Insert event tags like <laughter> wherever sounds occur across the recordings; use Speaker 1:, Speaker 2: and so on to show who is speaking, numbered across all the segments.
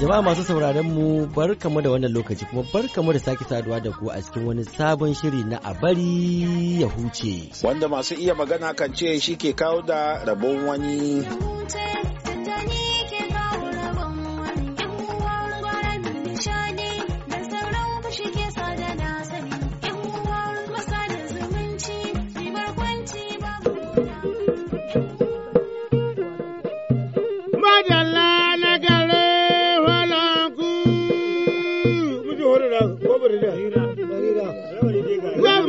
Speaker 1: Jama'a masu sauraron mu barkamu da wannan lokaci kuma barkamu da sake saduwa da ku a cikin wani sabon shiri na a ya huce.
Speaker 2: Wanda masu iya magana kan ce shi ke kawo da rabon wani.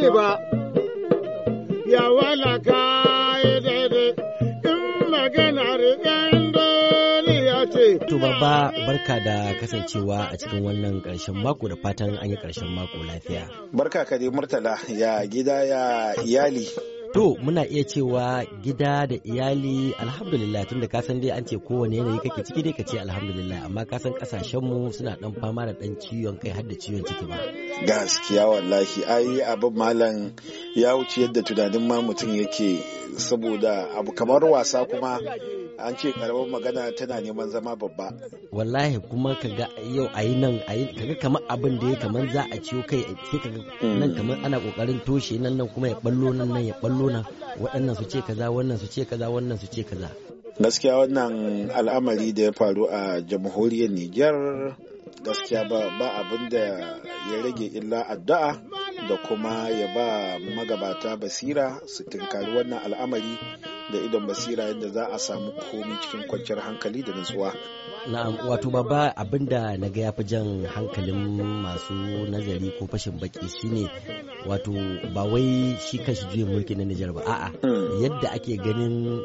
Speaker 3: ne ba ya ka ya daidai in magana dole
Speaker 1: ya ce. To babba barka da kasancewa a cikin wannan ƙarshen mako da fatan an yi ƙarshen mako lafiya.
Speaker 2: Barka ka dai Murtala ya gida ya iyali.
Speaker 1: To muna iya cewa gida da iyali alhamdulillah tunda ka san dai an ce kowane yanayi kake ciki dai ka ce alhamdulillah amma ka san kasashen mu suna dan fama da dan ciwon kai har da ciwon ciki ba.
Speaker 2: Gaskiya wallahi ai abin malam ya wuce yadda tunanin ma mutum yake saboda abu kamar wasa kuma an ce karamar magana tana neman zama
Speaker 1: babba wallahi kuma kaga yau a yi nan a yi kaga kamar abin da ya kamar za a ciyo kai sai kaga nan kamar ana kokarin toshe nan nan kuma ya ballo nan nan ya ballo nan waɗannan su ce kaza wannan su ce kaza wannan su ce kaza
Speaker 2: gaskiya wannan al'amari da ya faru a jamhuriyar Nijar gaskiya ba abin da ya rage illa addu'a da kuma ya ba magabata basira su tunkari wannan al'amari da idan basira yadda za a samu komi cikin kwanciyar hankali da nutsuwa.
Speaker 1: Na'am wato baba abinda na ga yafi jan hankalin masu nazari ko fashin baki shine wato ba wai shi kashi juyin mulki na Nijar ba a'a hmm. yadda ake ganin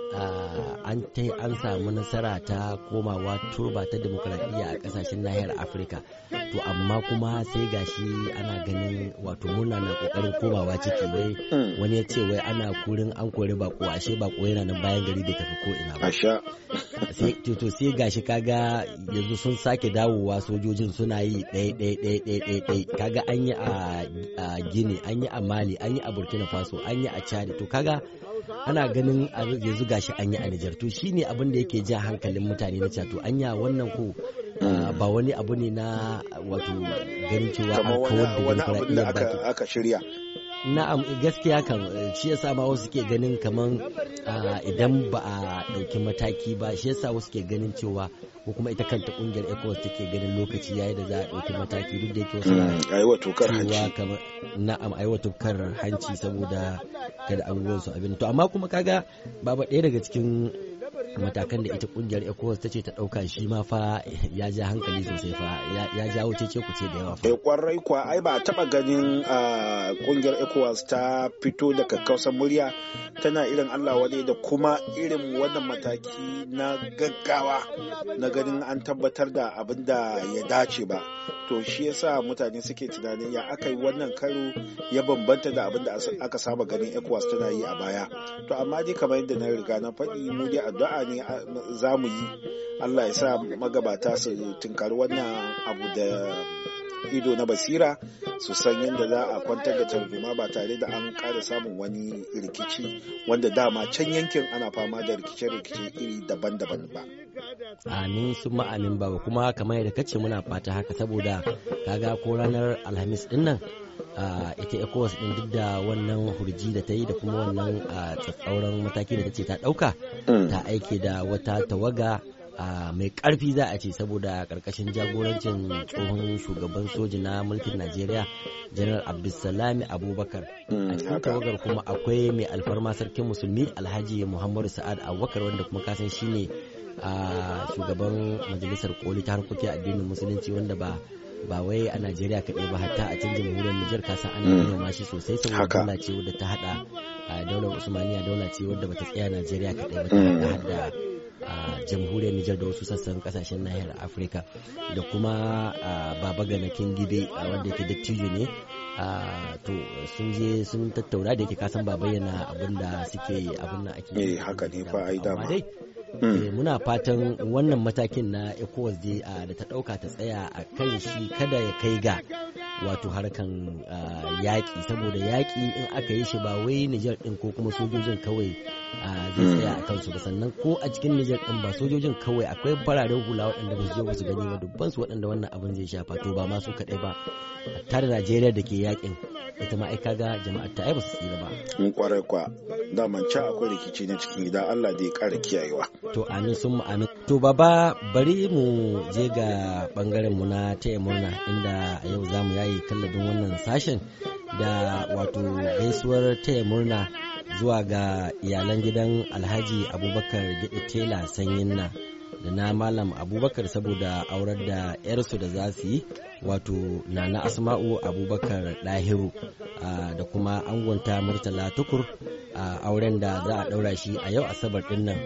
Speaker 1: an an samu nasara ta komawa turba ta demokradiyya a kasashen nahiyar Afirka to amma kuma sai gashi ana ganin wato murna na kokarin komawa ciki wai hmm. wani ya ce wai ana kurin an kori bako ashe bako yana nan bayan gari bai tafi ko ina ba to sai gashi kaga yanzu sun sake dawowa sojojin suna yi ɗaya ɗaya ɗaya ɗaya ɗaya kaga an yi a gini an yi a mali an yi a burkina faso an yi a chad to kaga ana ganin yanzu gashi an yi a nijar to shine abin da yake jan hankalin mutane na to yi wannan ko ba wani abu ne na wato ganin cewa an kawar da aka shirya na'am gaskiya kam eh, shi yasa ma wasu ke ganin kaman ah, idan ba a ɗauki mataki ba shi yasa wasu ke ganin cewa ko kuma ita kanta kungiyar ECOWAS take ganin lokaci yayi da za a ɗauki mataki duk da yake wasu aiwa mm,
Speaker 2: tokar hanci
Speaker 1: na'am aiwa tokar hanci saboda kada abubuwan su abin to amma kuma kaga ba ɗaya daga cikin matakan da ita kungiyar ecowas ta ce ta dauka shi ma fa ya ja hankali sosai fa ya jawo cece ce ce da yawa fa
Speaker 2: eh, kwarai kwa ai ba taba ganin kungiyar ecowas ta fito da kakkausar murya tana irin allah wadai da kuma irin wannan mataki na gaggawa na ganin an tabbatar da abin da ya dace ba to shi yasa mutane suke tunanin ya aka yi wannan karo ya bambanta da abin da aka saba ganin ecowas tana yi a baya to amma dai kamar yadda na riga na faɗi mu dai addu'a ne za mu yi allah ya sa magabata su tunkari wannan abu da ido na basira su san yadda za a kwantar da tarzoma ba tare da an ƙara samun wani rikici wanda dama can yankin ana fama da rikice-rikice iri daban-daban ba.
Speaker 1: amin sun ma'anin ba kuma kamar yadda kace muna fata haka saboda kaga ko ranar alhamis din nan ita ecowas din duk da wannan hurji da ta yi da kuma wannan tsatsauran mataki da ta ce ta ɗauka mm. ta aike da wata tawaga A mai karfi za a ce saboda karkashin jagorancin tsohon shugaban soji na mulkin najeriya janar abdulsalami abubakar mm, a cikin tawagar kuma akwai mai alfarma sarkin musulmi alhaji muhammadu sa'ad abubakar wanda kuma kasan shine a shugaban majalisar koli ta harkokin addinin musulunci wanda ba ba wai a najeriya kaɗai ba hatta a can jamhuriyar nijar kasan ana yi mm. mashi sosai saboda daula ce wadda ta haɗa daular usmaniya daula ce wadda bata tsaya najeriya kaɗai ba ta mm. haɗa jamhuriyar Nijar da wasu sassan kasashen nahiyar Afirka da kuma baba ganakin gibe wanda yake dattijo ne to sun je sun tattauna da yake kasan baba yana abin da suke abin da ake eh
Speaker 2: haka ne fa ai dama
Speaker 1: hmm. eh, muna fatan wannan matakin na ECOWAS da ta dauka ta tsaya a kan shi kada ya kai ga wato harkan ah, yaƙi saboda yaƙi in aka yi shi ba wai Nijar ɗin ko kuma sojojin kawai ah, zai tsaya a kansu ba sannan ko a cikin Nijar ɗin ba sojojin kawai akwai fararen hula waɗanda ba su je ba su gani ba dubban su waɗanda wannan abin zai shafa to ba ma su kaɗai ba hatta da Najeriya da ke yaƙin ita ma aika ga jama'ar ta ai ba su tsira ba.
Speaker 2: in mm, kwarai kwa daman ca akwai rikici na cikin gida Allah zai ƙara kiyayewa.
Speaker 1: To amin sun amin. To baba bari mu je ga bangaren mu na taya murna inda yau mu ya yi kallabin wannan sashen da wato gaisuwar taya murna zuwa ga iyalan gidan alhaji abubakar gidi tela sanyin na da na malam abubakar saboda aurar da 'yarsu da za su yi wato nana asma'u abubakar dahiru da kuma angonta murtala tukur a auren da za a ɗaura shi a yau asabar dinnan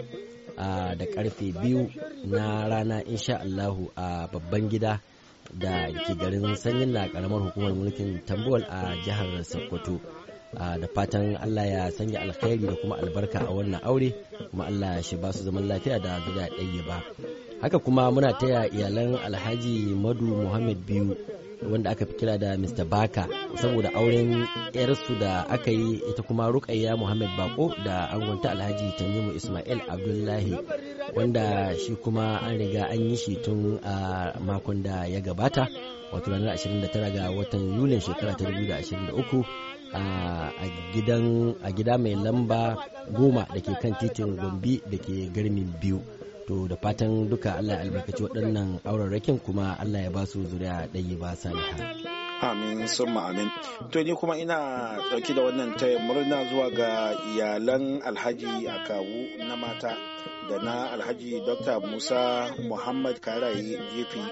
Speaker 1: da karfe biyu na rana insha allahu a babban gida da ke garin sanyin na karamar hukumar mulkin tambol a jihar sokoto da fatan allah ya sanya alkhairi da kuma albarka a wannan aure kuma allah shi ba su zaman lafiya da zuwa ɗaya ba haka kuma muna taya iyalan alhaji madu muhammad biyu wanda aka fi kira da mr baka saboda auren yarsu da aka yi ita kuma rukayya muhammad bako da angonta alhaji tanimu ismail abdullahi wanda shi kuma an riga an yi shi tun a makon da ya gabata wato ranar 29 ga watan yulin shekara ta 2023 a gidan a gida mai lamba goma da ke kan titin gombe da ke garmin biyu to da fatan duka allah ya albarkaci waɗannan auren kuma allah ya ba su zuriya ɗaya ba saliha. Amin sun ma'amin
Speaker 2: To ni kuma ina ɗauki da wannan taya murna zuwa ga iyalan Alhaji Akawu na mata da na alhaji dr musa muhammad karaye jefi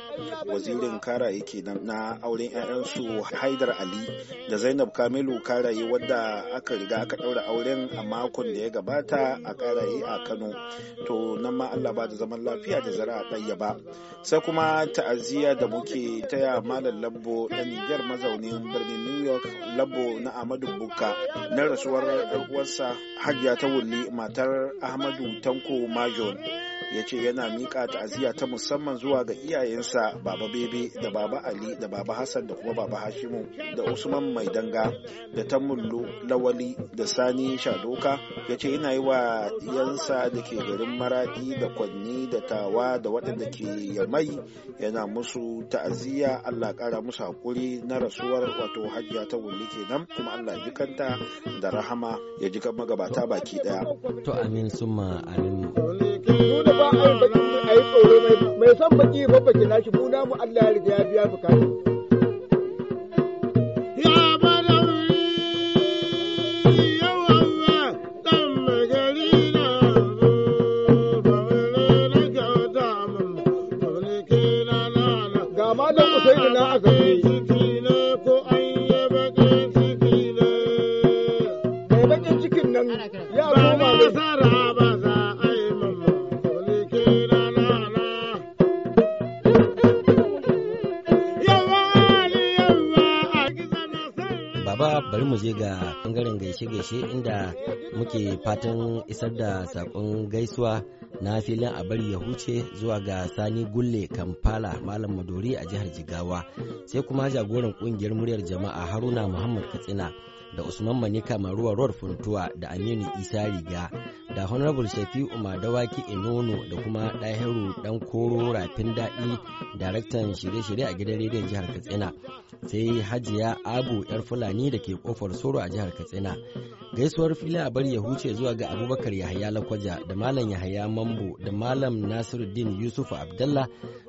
Speaker 2: wazirin karaye ke na auren 'ya'yansu haidar ali da zainab kamilu karaye wadda aka riga aka daura auren a makon da ya gabata a ƙaraye a kano to nan ma allah ba da zaman lafiya da zara ɗaya ba sai kuma ta'aziyya da muke taya malam labbo ɗan nijar mazaunin birnin new york labbo na amadu bukka na rasuwar uwarsa hajiya ta wulli matar ahmadu tanko mayor ya ce yana miƙa ta'aziyya ta musamman zuwa ga iyayensa baba bebe da baba ali da baba hassan da kuma baba hashimu da usman mai danga da tamullu lawali da sani shadoka ya ce yana yi wa yansa da ke garin maradi da kwanni da tawa da waɗanda ke yamai yana musu ta'aziyya allah ƙara musu haƙuri na rasuwar wato hajiya ta wuli kenan kuma allah jikanta da rahama ya kan magabata baki ɗaya
Speaker 1: to amin summa amin
Speaker 2: ba a yi tsoro mai son
Speaker 3: baki na shi mu namu Allah ya riga ya biya bukatu.
Speaker 1: bari mu je ga bangaren gaishe-gaishe inda muke fatan isar da sakon gaisuwa na filin a bari ya huce zuwa ga sani gulle kampala malam madori a jihar jigawa sai kuma jagoran kungiyar muryar jama'a haruna muhammad katsina da Usman Manika Maruwa ruwar Funtuwa da Aminu Isa Riga da Honorable Shafi Dawaki inono da kuma Ɗahiru Dan Koro Rafin Daɗi daraktan shirye-shirye a gidan rediyon jihar Katsina sai Hajiya Abu Yar Fulani da ke kofar Soro a jihar Katsina. Gaisuwar fili a bari ya huce zuwa ga Abubakar Yahaya Lakwaja da Malam Yahaya Mambo da Malam Nasiruddin Yusuf Abdallah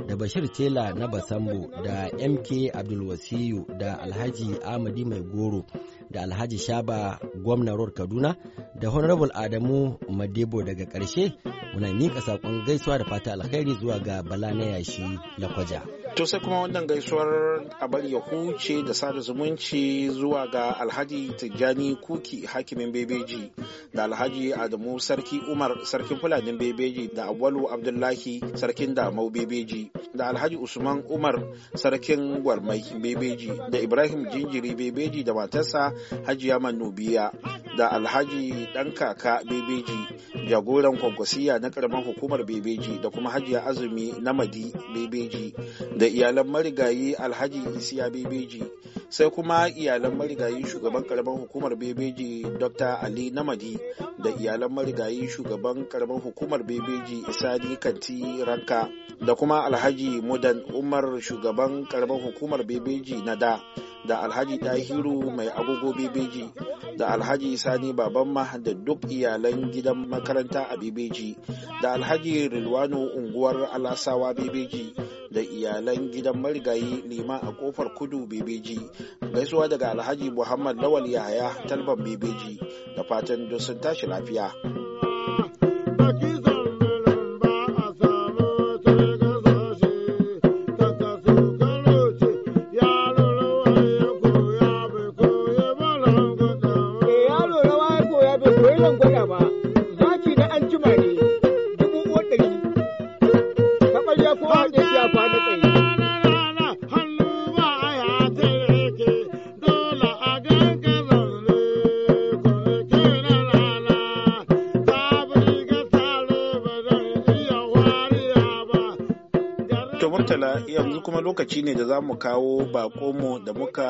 Speaker 1: da Bashir Tela na Basambo da MK Abdulwasiyu da Alhaji Amadi Mai Goro da Alhaji Shaba gwamna ror Kaduna da Honorable Adamu Madebo daga ƙarshe muna miƙa saƙon gaisuwa da fata alkhairi zuwa ga Bala na yashi Lakwaja.
Speaker 2: To sai kuma wannan gaisuwar abar ya huce da sada zumunci zuwa ga Alhaji Tijjani Kuki hakimin Bebeji da Alhaji Adamu Sarki Umar Sarkin Fulanin Bebeji da Awalu Abdullahi Sarkin Damau Bebeji da Alhaji Usman Umar Sarkin Gwarmai Bebeji da Ibrahim Jinjiri Bebeji da matarsa Hajiya Manubiya da alhaji dan kaka bebeji jagoran kwankwasiya na karamar hukumar bebeji da kuma hajiya azumi na madi bebeji da iyalan marigayi alhaji isiya bebeji sai kuma iyalan marigayi shugaban karamar hukumar bebeji dr ali namadi da iyalan marigayi shugaban karamar hukumar bebeji isadi kanti ranka da kuma alhaji mudan umar shugaban karamar hukumar bebeji na da da alhaji dahiru mai agogo bebeji da alhaji sani babanma da duk iyalan gidan makaranta a bebeji da alhaji rilwano unguwar alasawa bebeji da iyalan gidan marigayi lima a kofar kudu bebeji gaisuwa daga alhaji muhammad lawal yahaya talban bebeji da fatan duk sun tashi lafiya Eh, yanzu kuma lokaci ne da za mu kawo bakonmu da muka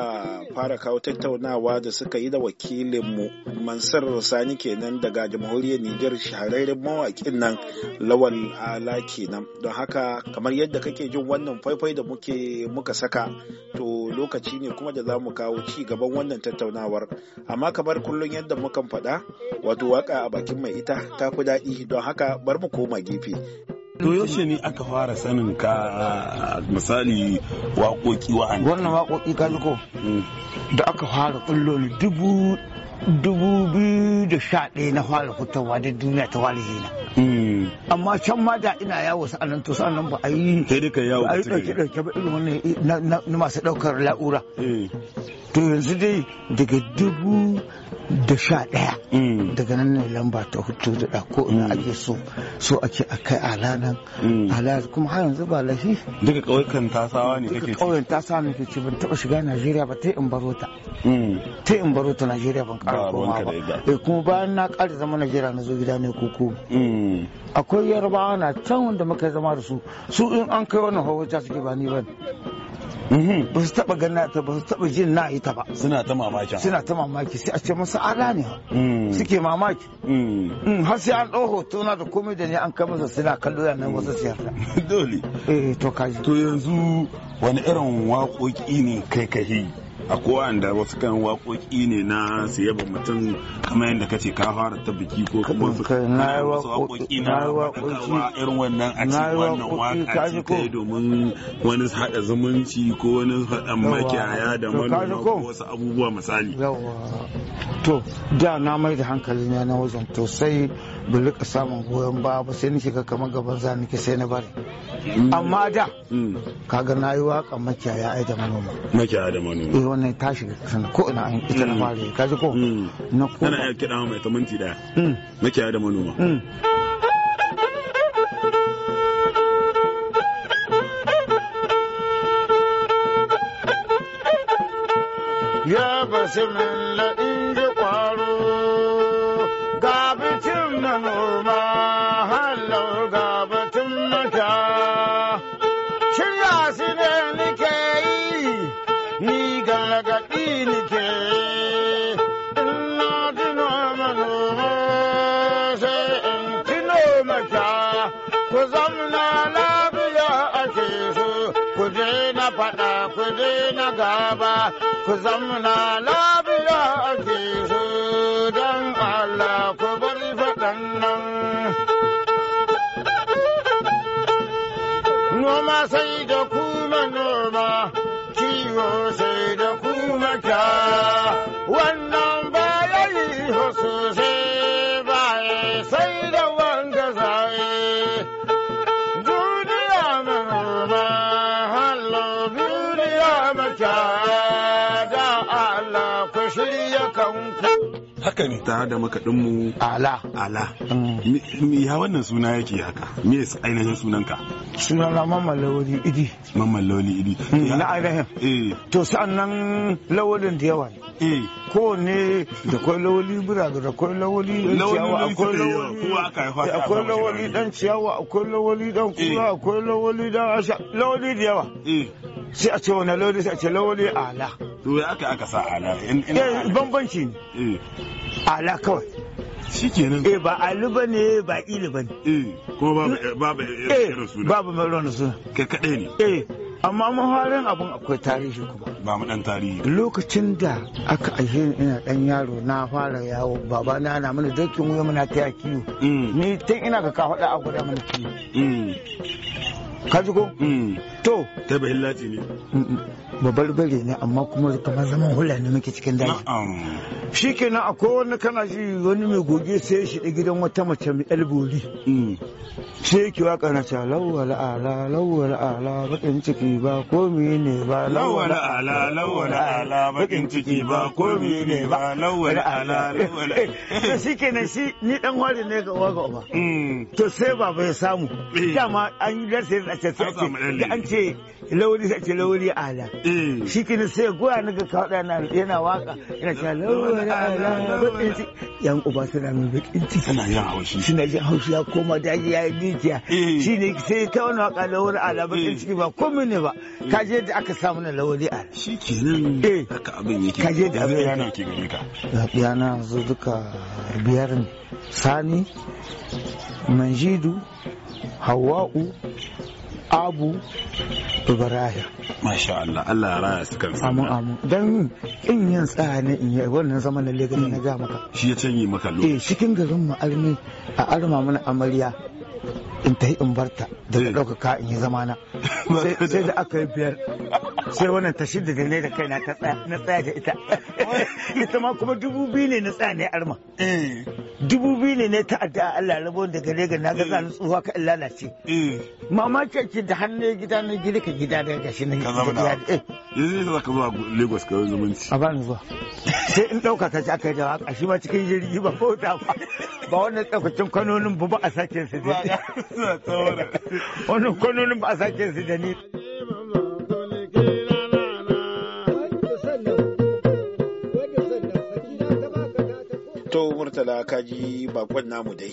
Speaker 2: fara kawo tattaunawa da suka yi da wakilinmu mansur sani kenan daga jamhuriyar niger shahararren mawakin nan lawal ala kenan don haka kamar yadda kake jin wannan faifai da muke muka saka to lokaci ne kuma da za mu kawo ci gaban wannan tattaunawar amma kamar kullum yadda mukan faɗa wato waka a bakin mai ita ta fi daɗi don haka bar mu koma gefe To yaushe ne aka fara sanin ka misali waƙoƙi an. Wannan waƙoƙi ko? Mm. da aka
Speaker 4: fara kullum dubu dubu biyu da sha ɗaya na fara fitowa da duniya ta wari zina. Mm. Amma can ma da ina yawo anan to sa'anan ba a yi. Sai dai ka yawo. Ba a yi ɗauke ba irin wannan eh, na masu ɗaukar la'ura. Eh. to yanzu dai daga dubu da sha ɗaya mm. daga nan ne lamba ta hutu da ɗako ina mm. ake so so ake a kai alanan mm. alanan kuma har yanzu ba lafi
Speaker 2: daga ƙauyukan tasawa ne kake ci
Speaker 4: ƙauyen tasawa ne kake ban taɓa shiga najeriya ba ta in baro ta ta in baro ta najeriya ban ƙara koma ba eh, kuma bayan na ƙara zama najeriya na zo gida ne koko akwai yarbawa na can wanda muka zama da su su in an kai wani hawa ta suke ba ni ba Mhm. ba su taba gana ta ba su taba jin na ita ba
Speaker 2: suna ta mamaki
Speaker 4: suna ta mamaki sai a ce masa ala ne mm. suke mamaki mm. Mm, har sai an ɗau hoto na da komai da ne an kai masa suna kallo da nan wasu siyar da
Speaker 2: <laughs> dole eh to kaji to yanzu wani irin waƙoƙi ne kai kai a da wasu kan waƙoƙi ne na siya ba mutum kamar yadda ka ce ka fara ta biki ko kuma su yi waƙoƙi na waƙoƙi irin wannan a ce wannan waƙa ce kai domin wani haɗa zumunci ko wani haɗan makiyaya da manoma ko wasu abubuwa misali
Speaker 4: to da na mai da hankali ne na wajen to sai bulu ka samun goyon ba ba sai nake ga kamar gaban za nake sai na bari mm. amma da
Speaker 2: mm. kaga
Speaker 4: na yi waƙa makiyaya ai da manoma
Speaker 2: makiyaya da manoma
Speaker 4: eh, wannan tashi sannan ko ina ita na fare ka ji ko na ko ana
Speaker 2: iya kiɗa mai tamanti daya makiyaya da
Speaker 4: manoma
Speaker 3: يا بسم الله daga nike ina sai in ku zamna lafiya ake ku je na faɗa ku gaba ku zamna lafiya ake so don Allah ku bari faɗan nan. Noma sai da ku
Speaker 2: kanku haka ne tare da mu. ala ala me mm. ya wannan suna yake haka me yasa ainihin sunanka sunan na mamman idi mamman lawali idi mm, na ainihin
Speaker 4: eh to sannan lawalin da yawa eh ne da kai lawali bura da kwai lawali ciyawa akwai lawali eh. akwai lawali dan ciyawa akwai lawali dan kura akwai lawali dan asha lawali da yawa eh sai a ce wannan lawali sai a ce lawali ala
Speaker 2: to aka aka sa ala eh
Speaker 4: bambanci ne eh. ala kawai shikenan eh ba ali bane ba ili bane eh ko babu mm.
Speaker 2: eh, babu eh, irin suna babu
Speaker 4: mai ranar suna kai kadai
Speaker 2: ne eh amma
Speaker 4: maharin abin
Speaker 2: akwai tarihi kuma ba mu dan tarihi
Speaker 4: lokacin da aka alheri ina dan yaro na fara yawo baba na na mana dokin wuya muna ta mm. ni tun ina ka ka faɗa a guda mana kaji ko mm.
Speaker 2: to kai ba hillaci ne
Speaker 4: babbar bare ne amma kuma kamar zaman hula ne muke cikin daji shikenan akwai wani kana shi wani mai goge sai ya da gidan wata mace mai albori mm. sai yake waka na ta lawal ala lawal ala bakin ciki ba ko ne ba lawal ala lawal ala bakin ciki ba ko ne ba lawal ala lawal <laughs> eh, to shikenan shi ni dan wari ne ga waga ba mm. to sai baba ya samu eh. dama an yi ɗace sai ce da an ce lauri sai ce lauri ala eh. shi kini sai goya na ga kawada na yana waka yana cewa lauri ala bakin ciki yan uba suna min bakin ciki suna jin haushi suna jin haushi ya koma daji ya yi dukiya eh. shi ne sai ta wani waka lauri ala bakin eh. ciki ba komai ne ba ka je da aka samu na lauri ala shi
Speaker 2: kenan haka abin yake ka je da
Speaker 4: abin yana ke gare ka yana yanzu duka biyar sani manjidu
Speaker 2: hawa'u abu ibrahim masha Allah Allah raya su kan amin amin dan in
Speaker 4: yin tsaya ne in yi wannan zaman na lagos na ga maka
Speaker 2: shi ya canye maka lokaci eh
Speaker 4: cikin garin mu almi a arma mana amarya in ta yi in barta da ɗaukaka in yi zamana sai da aka yi biyar sai wannan ta shida da ne da kaina ta tsaya na tsaya da ita <laughs> ita ma kuma dubu biyu ne na tsaya ne arma eh dubu biyu ne na ta'adda Allah rabo da gare ga na eh. gaza na tsuwa ka lalace eh. mama ce ce da hannu gida na gida ka gida da gashi na gida eh ne za ka zuwa Lagos ka zumunci a ba zuwa sai in ɗauka ka ci aka yi da waka shi ma cikin jirgi ba ko da ba ba wannan tsakacin kwanonin ba ba a sake su da ni wannan kwanonin ba a sake su da ni
Speaker 2: murtala kaji bakon namu dai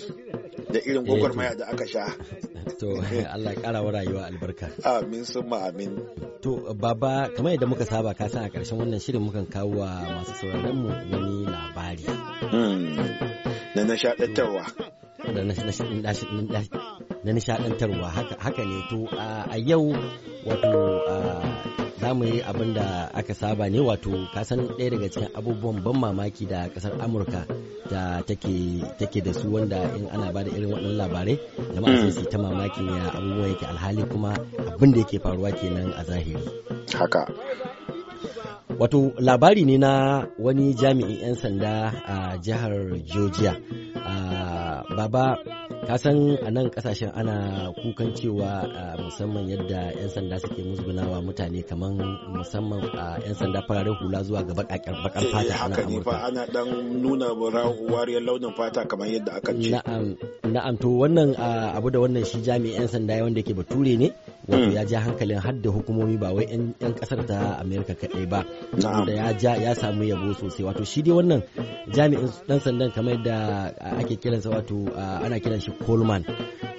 Speaker 2: da irin eh, maya da aka sha
Speaker 1: to <laughs> Allah kara wa rayuwa albarka
Speaker 2: amin summa amin
Speaker 1: to baba kamar yadda muka saba ka san a ƙarshen wannan shirin mukan kawo wa masu sauraron mu wani labari hmm,
Speaker 2: na nishaɗantarwa
Speaker 1: na nishaɗantarwa haka ne to a yau wato za mu yi abin da aka saba ne wato kasan ɗaya daga cikin abubuwan ban mamaki da ƙasar amurka da take da su wanda in ana ba da irin waɗannan labarai jama'a sai ta mamaki ne abubuwan yake alhali kuma abin da yake faruwa kenan a zahiri haka wato labari ne na wani jami'in 'yan sanda a jihar georgia ah, baba ka san a nan kasashen ana kukan cewa musamman yadda 'yan sanda suke musgunawa mutane kamar musamman 'yan sanda fararen hula zuwa ga bakar eh, fata a nan amurka
Speaker 2: ana dan nuna wariyar launin fata kamar yadda
Speaker 1: aka ce na'am to wannan abu da wannan shi jami'in 'yan sanda wanda ke bature ne wato hmm. ya ja hankalin hadda hukumomi ba wai 'yan kasar ta amerika kaɗai ba da ya ja ya samu yabo sosai wato shi dai wannan jami'in dan sandan kamar da ake kiransa wato ana kiran shi coleman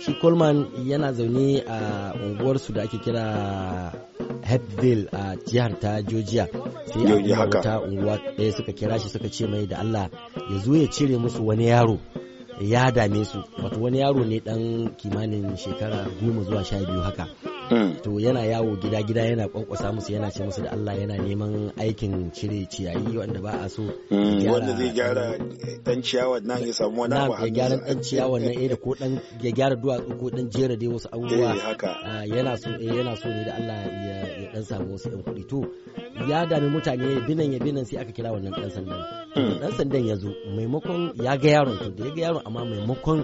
Speaker 1: shi coleman yana zaune a unguwarsu da ake kira Hepville a jihar ta Georgia sai a wata unguwa ɗaya suka kira shi suka ce mai da Allah ya zo ya cire musu wani yaro ya dame su wato wani yaro ne dan kimanin shekara goma zuwa sha biyu haka Mm. to yana yawo gida gida yana kwankwasa musu yana ce musu da Allah yana neman aikin cire ciyayi wanda ba a so
Speaker 2: mm, wanda zai gyara dan ciyawa nan ya samu wani abu ya gyara dan ciyawa nan
Speaker 1: eh da ko dan ya gyara duwatsu ko dan jera dai wasu abubuwa eh, ah, yana so eh, yana so ne da Allah ya dan samu wasu ɗan kuɗi to ya dami mutane binan ya binan sai aka kira wannan dan sandan dan mm. sandan ya zo maimakon ya ga yaron to da ya ga yaron amma maimakon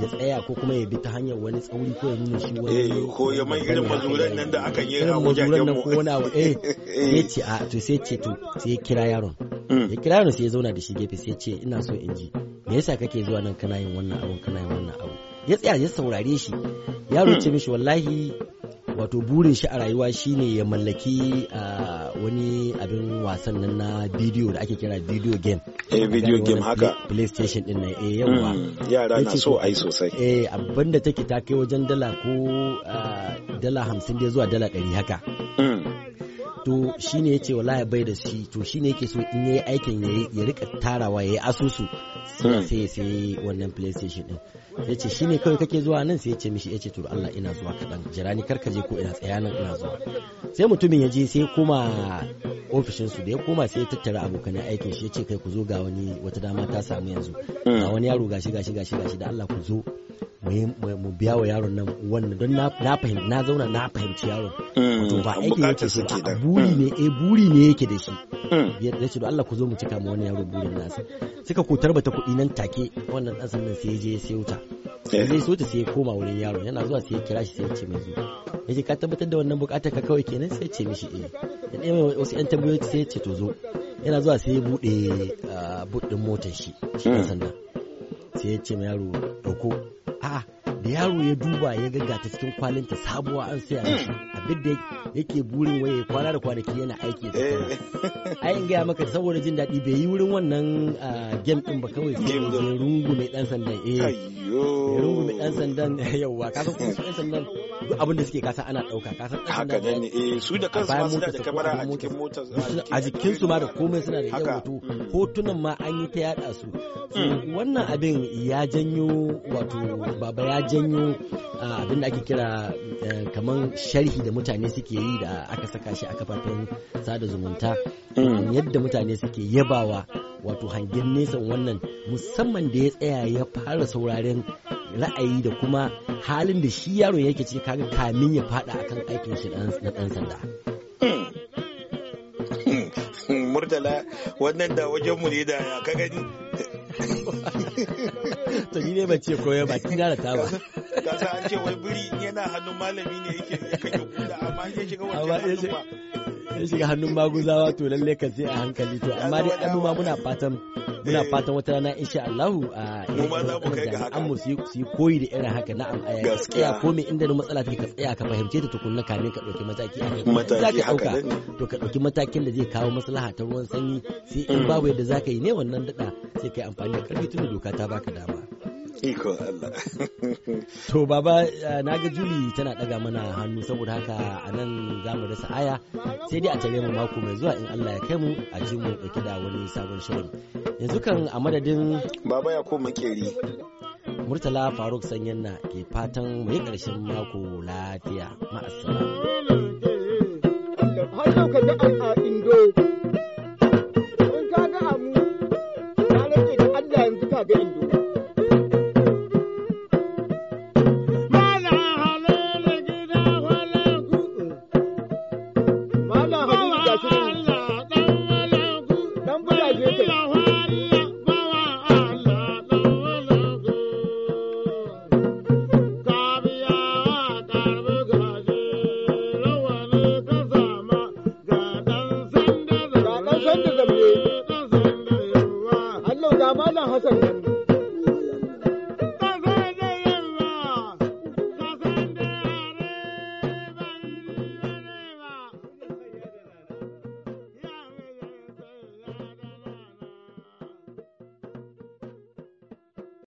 Speaker 1: ya tsaya ko kuma ya bi ta hanyar wani tsauri ko ya nuna shi wani eh, ko
Speaker 2: ya mai irin mazuran nan da aka yi a wajen mu ko wani abu eh <laughs> ya
Speaker 1: ce a ah, to sai ce to sai ya kira yaron mm. ya kira yaron sai ya zauna da shi gefe sai ce ina so in ji me yasa kake zuwa nan kana yin wannan abun kana yin wannan abu ya tsaya ya saurare shi yaro ce mm. mishi wallahi wato burin shi a rayuwa shine ya mallaki ah, wani abin wasan nan na bidiyo da ake kira bidiyo game
Speaker 2: eh video game haka
Speaker 1: playstation din nan eh yawa hmm,
Speaker 2: yara na so ai sosai
Speaker 1: eh abin da take ta kai wajen dala ko ah, dala hamsin dai zuwa dala ɗari haka hmm. to shine yace wallahi bai da shi to shine yake so in yayi aikin ya rika tarawa yayi asusu hmm. sai sai wannan playstation din yace ce shi ne kawai kake zuwa nan sai yace mishi yace to Allah ina zuwa kaɗan jira ni karkaje ko ina tsaya nan ina zuwa sai mutumin ya je sai kuma ofishinsu da ya koma sai ya tattara abokan aikin shi ya ce kai ku zo ga wani wata dama ta samu yanzu ga wani yaro gashi gashi gashi gashi da Allah ku zo mu biya wa yaron nan wannan don na fahimci na zauna na fahimci yaron mm. to ba aikin yake so A buri ne eh buri ne yake da shi mm. ya ce Allah ku zo mu cika ma wani yaro burin nasa suka ko tarbata kuɗi nan take wannan dan sannan sai ya je ya sai wuta Eh. zai su ta sai koma wurin yaro yana zuwa sai kira shi sai ce mai zo yace ka tabbatar da wannan bukatar ka kawai kenan sai ce mishi eh ya ɗaya mai wasu yan tambayoyi sai ce to zo yana zuwa sai ya buɗe ah, buɗin motar shi shi ɗan hmm. sanda sai ya ce mai yaro dauko a'a da yaro ya duba ya gaggata cikin kwalinta sabuwa an saya mishi duk da yake burin waye kwana da kwanaki yana aiki da eh. ai in gaya maka saboda jin daɗi bai yi wurin wannan ah, game din ba kawai sai ya rungume dan sandan eh ya rungume dan sandan <laughs> yawa san kuma su dan sandan duk abin da suke kasa ana ɗauka ka dan haka ne eh su da kansu ma suna da kamera a cikin motar a jikin su ma da komai suna da yawa hoto mm. hotunan ma an yi ta yada su mm. wannan abin ya janyo wato baba ya janyo ah, abin da ake kira eh, kaman sharhi da da mutane suke yi da aka saka shi a kafafen sada zumunta mm. yadda mutane suke yabawa wato hangen nesa wannan musamman da ya tsaya ya fara sauraren ra'ayi da kuma halin da shi yaro yake ciki kaga kamin ya fada akan aikin shi na dan sanda hmm.
Speaker 2: <laughs> murtala wannan da wajen mu ne da ka gani
Speaker 1: to ni ne bace koyo ba kin ta ba
Speaker 2: ka sa an ce wai biri yana hannun malami ne yake yakan
Speaker 1: ya shiga hannun shiga hannun maguzawa to lalle ka sai a hankali to amma dai an ma muna fatan muna eh. fatan wata rana insha Allah a an mu su yi koyi da irin haka na aya gaskiya ko me inda matsala take ka tsaya ka fahimce ta tukunna kamin ka dauki mataki a kai mataki haka to ka dauki matakin da zai kawo maslaha ta ruwan sanyi sai in mm. babu yadda zaka yi ne wannan dada sai kai amfani da karfi tun doka ta baka dama Allah.
Speaker 2: <laughs>
Speaker 1: To baba eh, na ga Juli tana ɗaga mana hannu saboda haka a nan za mu rasa aya sai dai a tare mu mako mai zuwa in Allah ya kai mu a ji mu ɗauki da wani sabon shirin. Yanzu kan a madadin. Baba ya
Speaker 2: ko makeri.
Speaker 1: Murtala Faruk na ke fatan mu yi ƙarshen mako lafiya ma'asala. ka ga
Speaker 3: da yanzu ka ga indo.